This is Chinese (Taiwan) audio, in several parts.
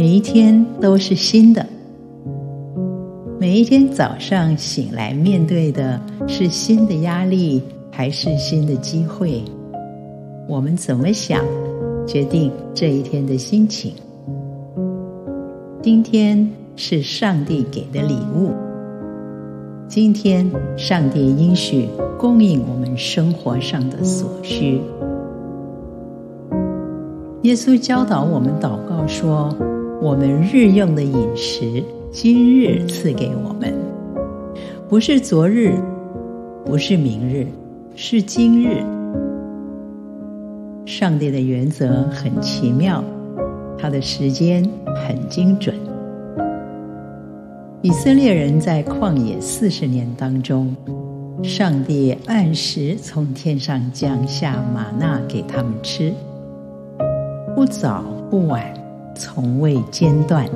每一天都是新的。每一天早上醒來，面對的是新的壓力還是新的機會？我們怎麼想，決定這一天的心情。今天是上帝給的禮物。今天上帝應許供應我們生活上的所需。耶穌教導我們禱告說。我們日用的飲食，今日賜給我們，不是昨日，不是明日，是今日。上帝的原則很奇妙，他的時間很精準。以色列人在曠野四十年當中，上帝按時從天上降下瑪納給他們吃，不早不晚。從未間斷。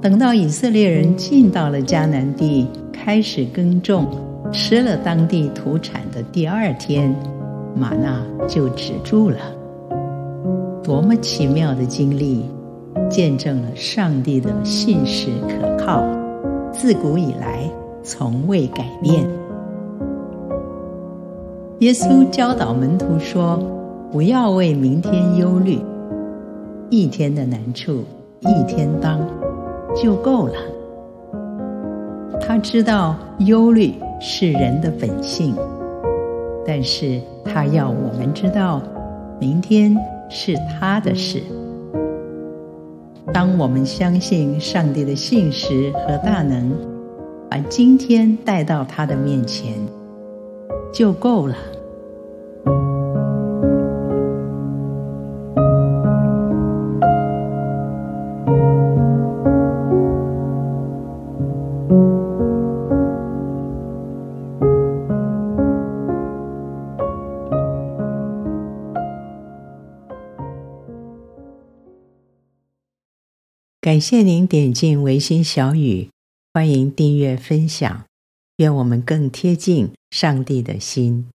等到以色列人進到了迦南地，開始耕種，吃了當地土產的第二天，瑪納就止住了。多麼奇妙的經歷，見證了上帝的信實可靠，自古以來從未改變。耶穌教導門徒說：“不要為明天憂慮。”一天的難處，一天當就夠了。他知道憂慮是人的本性，但是他要我們知道，明天是他的事。當我們相信上帝的信實和大能，把今天帶到他的面前，就夠了。感謝您點進維新小語，歡迎訂閱分享，願我們更貼近上帝的心。